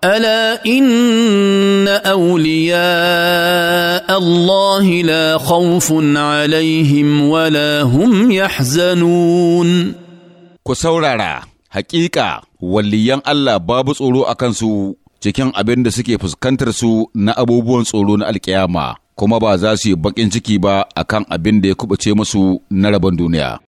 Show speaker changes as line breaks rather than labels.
الا ان اولياء الله لا خوف عليهم ولا هم يحزنون
كسورارا حقيقة وليان الله babu tsoro a kansu cikin abin da suke fuskantar su na abubuwan tsoro na alkiyama kuma ba za su yi bakin ciki ba akan abin da ya kubace musu na rabon duniya